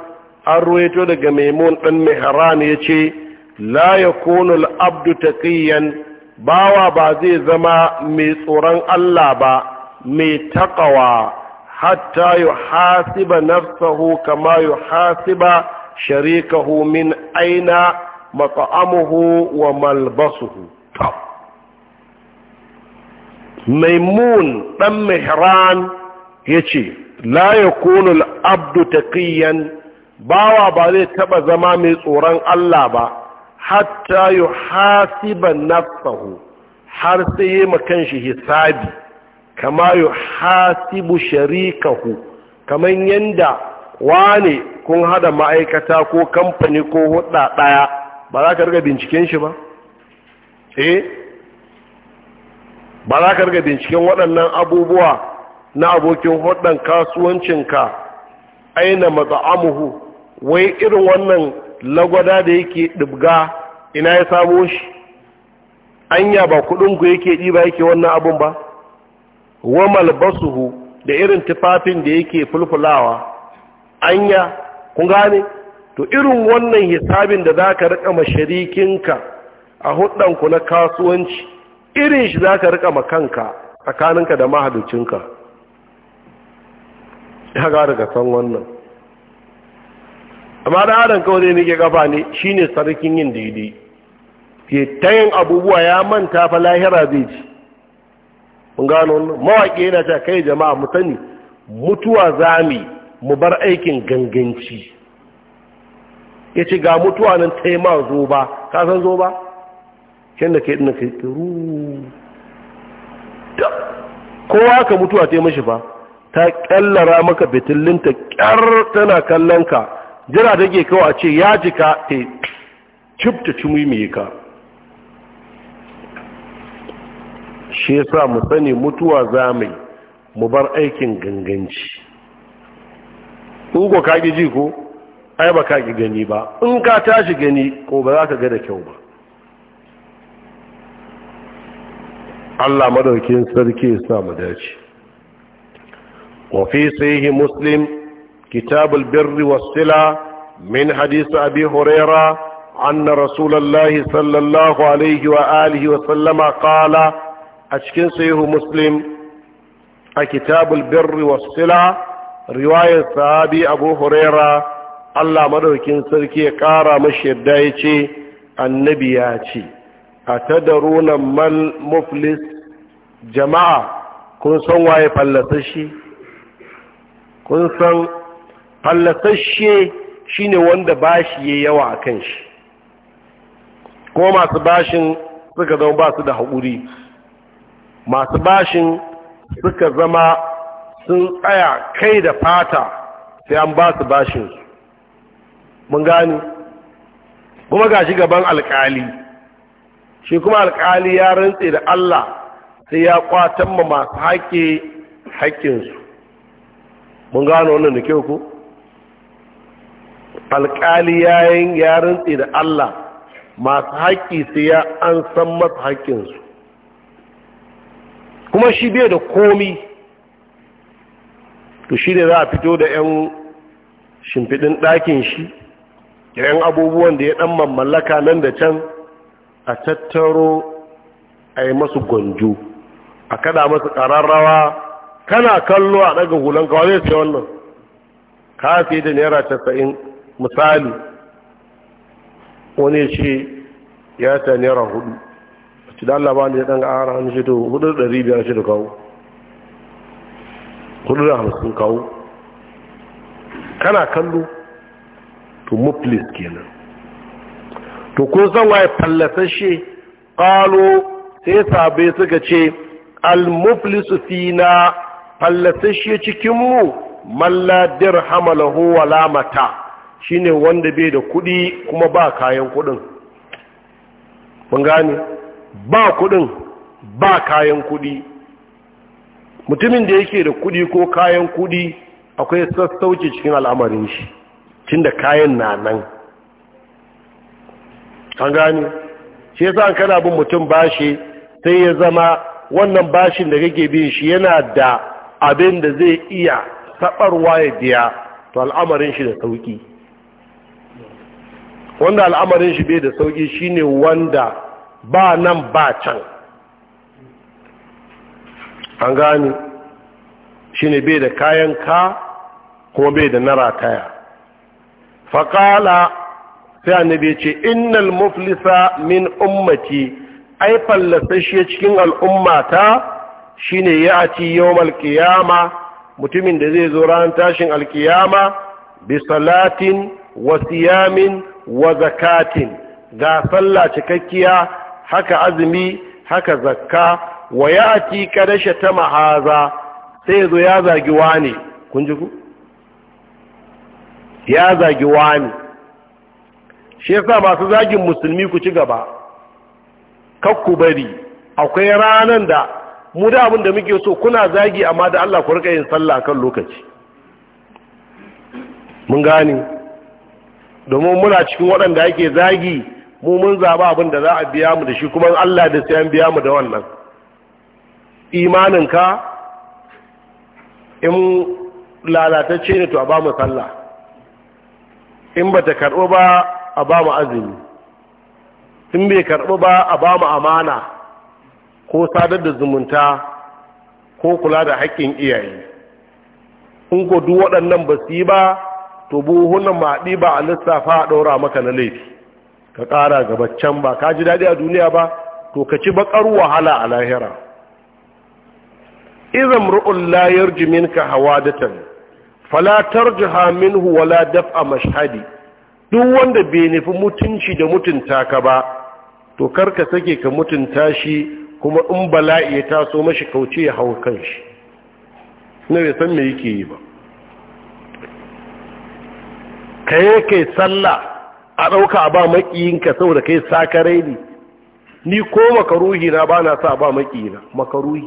an ruwaito daga maimun dan mihran yace la yakunu al-abdu taqiyan bawa ba zai zama mai tsoron Allah ba mai taƙawa, hatta yuhasiba nafsahu kama yuhasiba sharikahu min aina maka'amuhu wa malbasuhu maimun ɗan mihran yace la yakunu al-abdu taqiyan bawa ba zai taɓa zama mai tsoron Allah ba hatta yi hasiba nafsahu har sai yi makan shi hisabi kama yi hasibu sharikahu kamar yadda wane kun hada ma'aikata ko kamfani ko hudda daya ba za ka riga binciken shi ba eh ba za ka riga binciken waɗannan abubuwa na abokin huddan kasuwancinka aina matsa'amuhu wai irin wannan lagwada da yake dubga ina ya samo shi anya ba kuɗin ku yake ɗiba yake wannan abun ba wa malbasuhu da irin tufafin da yake fulfulawa anya kun gane to irin wannan hisabin da zaka rika ma sharikinka a hudanku na kasuwanci irin shi zaka rika ma kanka tsakaninka da mahaducinka ya ga daga san wannan amma da adam kawai zai mike kafa ne shine sarkin yin daidai ke ta yin abubuwa ya manta fa lahira zai ci. mun gano wannan mawaƙi yana ta kai jama'a mu sani mutuwa za mu bar aikin ganganci ya ce ga mutuwa nan ta yi ma zo ba ka san zo ba kyan da ke ɗin ka yi kowa ka mutuwa ta yi mashi ba ta ƙyallara maka fitillinta ƙyar tana kallon ka jira dage kawo a ce ya jika ta cibta cimimi ka shi yasa mu sani mutuwa zamai mu bar aikin ganganci in ko ji ko ai ba ka gani ba in ka tashi gani ko ba za ka ga da kyau ba Allah madaukin sarki ya sa mu dace wa fi sahih muslim كتاب البر والصلة من حديث أبي هريرة أن رسول الله صلى الله عليه وآله وسلم قال أشكن سيه مسلم كتاب البر والصلة رواية صحابي أبو هريرة الله مدوكين سركي قارا مشهد دايتي النبي ياتي أتدرون ما المفلس جماعة kun san waye fallasar shi kun san shi shine wanda bashi yayi yawa a kan shi ko masu bashin suka zama ba su da haƙuri masu bashin suka zama sun tsaya kai da fata sai an ba su su. mun gani kuma ga shi gaban alƙali shi kuma alƙali ya rantse da Allah sai ya kwatan ma masu haƙe haƙƙinsu mun gano wannan da kyau ko alƙali yayin ya rantse da Allah masu haƙƙi sai ya an san masa haƙƙinsu kuma shi bai da komi to shi ne za a fito da 'yan shimfiɗin ɗakin shi da 'yan abubuwan da ya ɗan mamallaka nan da can a tattaro a yi masu gwanjo a kada masu ƙararrawa kana kallo a ɗaga hulanka wa zai sai wannan ka fiye da naira casa'in misali wani ce ya ta naira hudu ci da Allah ba ne dan ara ƙara shi to hudu da ɗari biyar shi da kawo hudu da hamsin kawo kana kallo to muflis kenan to kun san waye fallasashe ƙalo sai sabe suka ce al muflis fina fallasashe cikinmu malla dirhama lahu wala mata shine wanda bai da kuɗi kuma ba kayan kuɗin mun gane ba kuɗin ba kayan kuɗi mutumin da yake da kuɗi ko kayan kuɗi akwai sassauci cikin al'amarin shi tunda kayan na nan an gane shi yasa kana bin mutum bashi sai ya zama wannan bashin da kake bin shi yana da abin da zai iya sabarwa ya biya to al'amarin shi da sauki wanda al'amarin shi bai da sauki shine wanda ba nan ba can an gani shine bai da kayan ka kuma bai da nara taya. faƙala sai annabi ce innal muflisa min ummati ai fallasashe cikin al'ummata shine ya ati yawmal qiyama mutumin da zai zo ranar tashin alkiyama bi salatin wa siyamin wa zakatin ga sallah cikakkiya haka azumi haka zakka wa ya'ti kadasha ta mahaza? sai zo ya zagi wani kun ji ku ya zagi wani shi yasa masu zagin musulmi ku ci gaba kakku bari akwai ranan da mu da abin da muke so kuna zagi amma da Allah ku rika yin sallah kan lokaci mun gane domin muna cikin waɗanda ake zagi mu mun zaba abin da za a biya mu da shi kuma Allah da sai an biya mu da wannan imaninka in lalatacce ne to a ba mu sallah in ba ta karɓo ba a ba mu azumi in bai karɓo ba a ba mu amana ko sadar da zumunta ko kula da haƙƙin iyaye in ko duk waɗannan ba su yi ba to buhunan ma ba a lissafa a ɗaura maka na laifi ka ƙara gaba can ba ka ji daɗi a duniya ba to ka ci baƙar wahala a lahira Izan ru'un layar jiminka ne falatar jiha huwala wala a mashadi. duk wanda bai nufi mutunci da mutunta ka ba to kar ka sake ka mutunta shi kuma in bala'i ya taso mashi kauce ya hau kanshi na bai san me yake yi ba ka yi kai sallah a ɗauka a ba makiyinka saboda kai sakare ne ni ko makaruhi na ba na sa ba maƙiyina makaruhi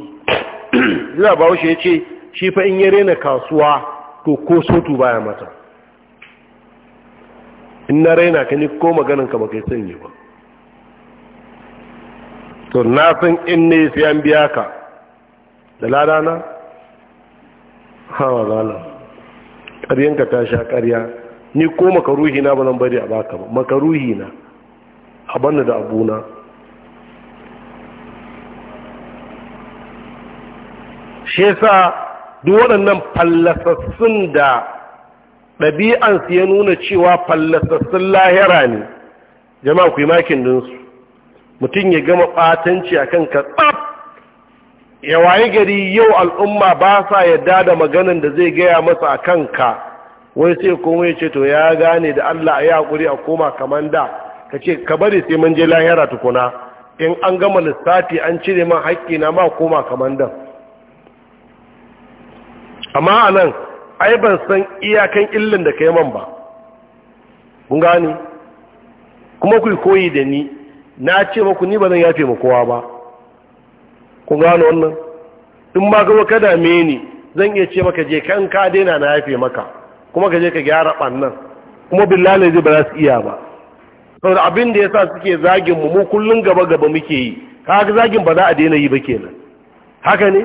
yana *clears throat* ba ya ce shi fa in ya raina kasuwa to ko sotu baya mata in na raina ka ni ko maganin ka kai sanye ba to na san in ne sai an biya ka da lada hawa zala ƙaryanka ta sha ƙarya ni ko makaruhi na ba zan bari a baka ba makaruhi na a banda da abuna shi yasa duk waɗannan fallasassun da ɗabi'ansu ya nuna cewa fallasassun lahira ne jama'a ku yi makin dinsu mutum ya gama ɓatanci a kan ka tsaf ya waye gari yau al'umma ba sa yadda da maganin da zai gaya masa a kanka wai sai kuma ya ce to ya gane da Allah ya hakuri haƙuri a koma kaman da ka ce ka bari sai mun je lahira tukuna in an gama lissafi an cire man haƙƙi na ma koma kaman da amma a ai ban san iyakan illin da ka yi man ba kun gane kuma ku koyi da ni na ce maku ni ba zan yafe ma kowa ba kun gane wannan in ma gaba ka dame ni zan iya ce maka je kan ka daina na yafe maka kuma ka je ka gyara ɓannan kuma billahi zai ba za su iya ba saboda abin da sa suke zagin mu mu kullun gaba gaba muke yi kaga zagin ba za a daina yi ba kenan haka ne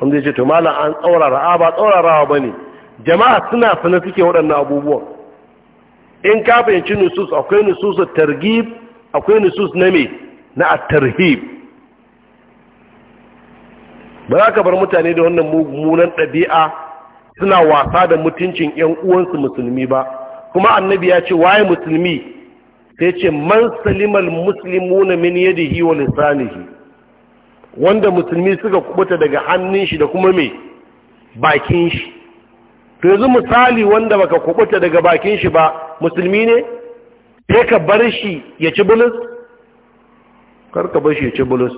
wanda ya ce to malam an tsaurara a ba tsaurarawa ba ne jama'a suna sana suke waɗannan abubuwan in ka fahimci nusus akwai nusus targib akwai nusus na me na at-tarhib ba za ka bar mutane da wannan mummunan ɗabi'a suna wasa da mutuncin ‘yan uwansu musulmi ba kuma annabi ya ce waye musulmi sai ce man salimal muslimu na min yadihi wa lisanihi wanda musulmi suka kubuta daga hannun shi da kuma mai bakin shi to yanzu misali wanda baka kubuta daga bakin shi ba musulmi ne sai ka bar shi ya ci bulus kar ka bar shi ya ci bulus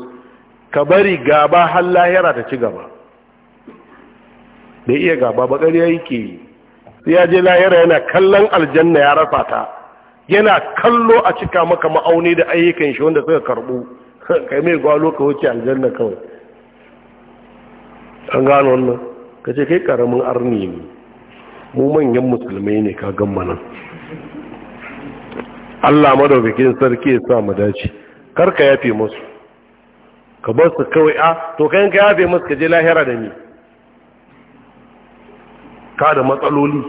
ka bari gaba har lahira ta ci gaba da iya gaba ba ƙarya yake yi sai ya je lahira yana kallon aljanna ya rasa ta yana kallo a cika maka ma'auni da ayyukan shi wanda suka karbu *laughs* kai mai gwalo ka wuce aljanna kawai an gano wannan ka ce kai karamin arni ne mu manyan musulmai ne ka gama nan Allah madaukakin sarki ya sa mu dace karka yafe musu ka bar su kawai a ah, to kayan ka yafe musu ka je lahira da ni Ka da matsaloli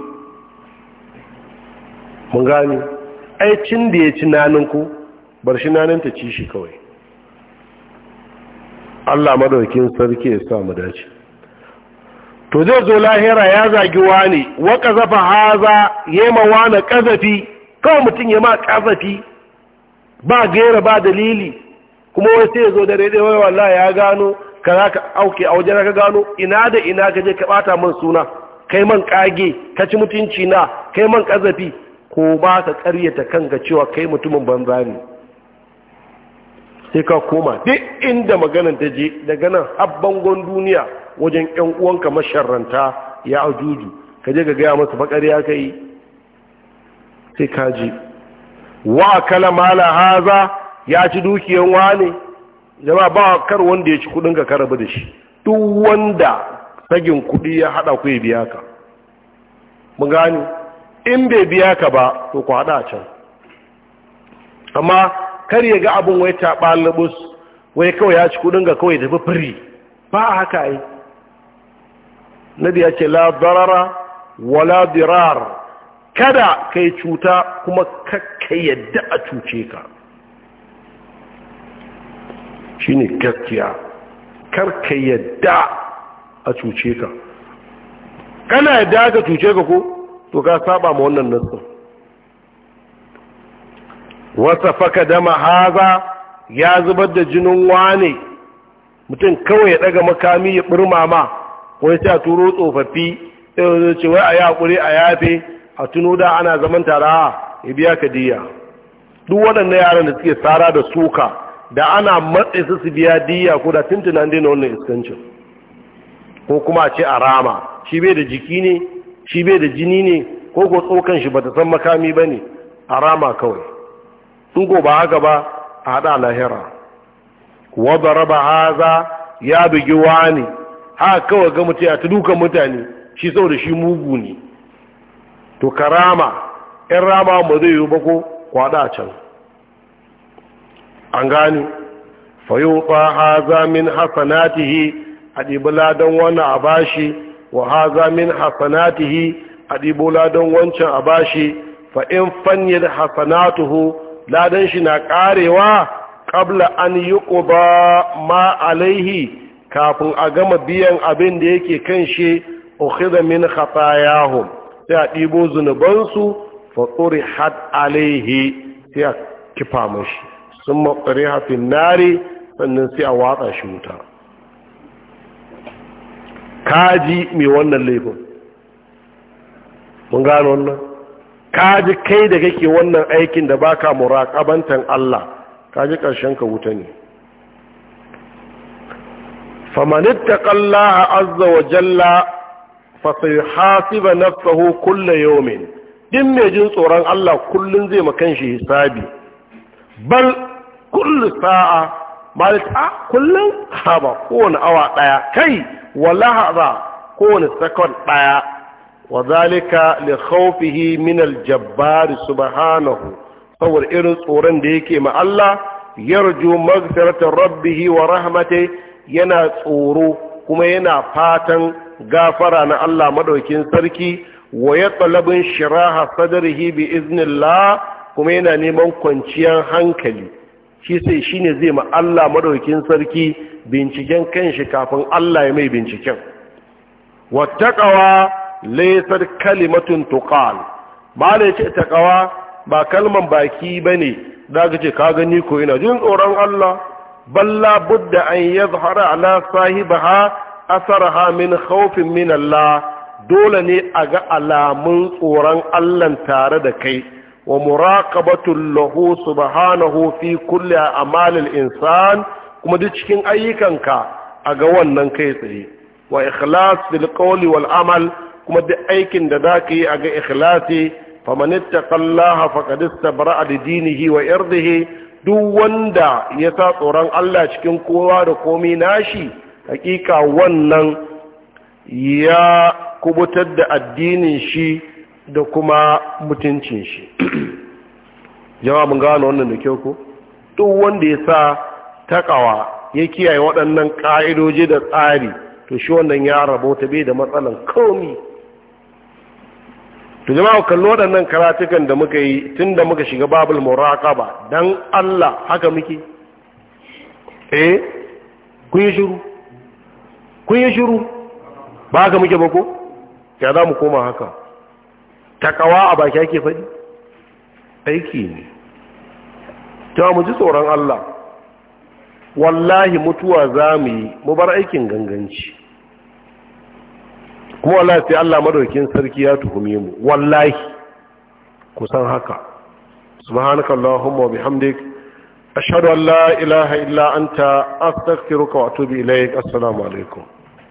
mun gane ai cin da ya ci nanin bar shi nanin ci shi kawai Allah madaukin sarki ya sa mu dace to zai zo lahira ya zagi wani wa kazafa haza yema wani kazafi kawai mutum ya ma kazafi ba gera ba dalili kuma wai sai ya zo da rede wai wallahi ya gano ka za ka auke a wajen ka gano ina da ina ka je ka bata min suna kai man kage ka ci mutunci na kai man kazafi ko ba ka karyata kanka cewa kai mutumin banza ne sai ka koma duk inda maganan ta je daga nan gon duniya wajen ƴan uwanka masharranta ya ajuju ka je ka gaya masa bakariya kai sai ka ji wa kala mala haza ya ci dukiyan wane jama'a ba kar wanda ya ci kudin ka karabu da shi duk wanda ragin kuɗi ya haɗa ku ya biya ka mun gani in bai biya ka ba to ku haɗa a can amma kar ya ga abin wai ta ɓalibus wai kawai ya ci kuɗin ga kawai tafi firi ba a haka yi nabi ya ce la darara wala dirar kada yi cuta kuma kakka yadda a cuce ka ne gaskiya ka yadda a cuce ka kana yadda aka cuce ka ko to ka saba ma wannan nassin wasa faka dama haza ya zubar da jinin wane mutum kawai ya daga makami ya birmama wani sai a turo tsofaffi ɗaya wani ce wai a yi a yafe a tuno da ana zaman tara ya biya ka diya duk waɗannan yaran da suke tsara da suka da ana matsa su biya diya ko da tuntunan na wannan iskancin ko kuma a ce a rama shi bai da jiki ne shi bai da jini ne ko ko tsokan shi bata san makami ba ne a rama kawai in ko ba haka ba a haɗa lahira wa raba haza ya bugi wani ha kawai ga mutu a ta dukan mutane shi sau da shi mugu ne to karama ‘yan rama ba zai yi bako kwada can an gani fayo haza min hasanatihi a ɗibi ladan wannan a bashi wa haza min hasanatihi a ɗibo ladan wancan a bashi fa in fanyar hasanatuhu ladan shi na ƙarewa ƙabla an yi ƙuba ma alaihi kafin a gama biyan abin da yake kan shi ukhidha min khatayahum sai a ɗibo zunubansu fa tsuri had alaihi sai a kifa mashi sun matsari hafin nari sannan sai a watsa shi wuta kaji mai wannan laifin mun gano wannan kaji kai da kake wannan aikin da baka muraqabantan Allah kaji karshen ka wuta ne famanittaqallaha azza wa jalla fasayhasiba nafsahu kulla yawmin din mai jin tsoron Allah kullun zai makan shi hisabi bal kullu sa'a malik a ah, kullun haba kowane awa ɗaya kai wa lahaza kowane sakon ɗaya wa zalika li khawfihi min subhanahu saboda irin tsoron da yake ma Allah yarju maghfirata rabbihi wa rahmati yana tsoro kuma yana fatan gafara na Allah madaukin sarki wa yatlabun shiraha sadrihi bi iznillah kuma yana neman kwanciyar hankali shi sai shi ne zai ma Allah madaukin sarki binciken kan shi kafin Allah ya mai binciken wattaqawa laysat kalimatun tuqal mala yace ƙawa ba kalman baki ba ne. bane zaka ce ka gani ko ina jin tsoron Allah balla budda an yazhara ala sahibaha asaraha min haufin min Allah dole ne a ga alamun tsoron Allah tare da kai wa muraqabatul lahu subhanahu fi kulli a'malil insan kuma duk cikin ayyukanka a ga wannan kai tsaye wa ikhlas bil qawli wal amal kuma duk aikin da zaka yi a ga ikhlasi faman ittaqallaha faqad istabra'a li dinihi wa irdihi duk wanda ya sa tsoron Allah cikin kowa da komai nashi hakika wannan ya kubutar da addinin shi da kuma mutuncin shi *clears throat* jawabin gano wannan da kyau ko duk wanda ya sa takawa ya kiyaye waɗannan ƙa'idoji da tsari to shi wannan ya rabo ta bai da matsalan komi to jama'a kallo waɗannan karatukan da muka yi tun da muka shiga babul muraqaba dan Allah haka muke eh kun yi shiru kun yi shiru ba haka muke ba ko ya za mu koma haka takawa a baki ake faɗi aiki ne ta mu ji tsoron Allah wallahi mutuwa za mu yi mubar aikin ganganci kuma wallahi sai Allah madaukin sarki ya tuhumi mu wallahi san haka subhanaka allahumma wa bihamdik ashhadu an la ilaha illa anta astaghfiruka wa atubu ilaik assalamu alaikum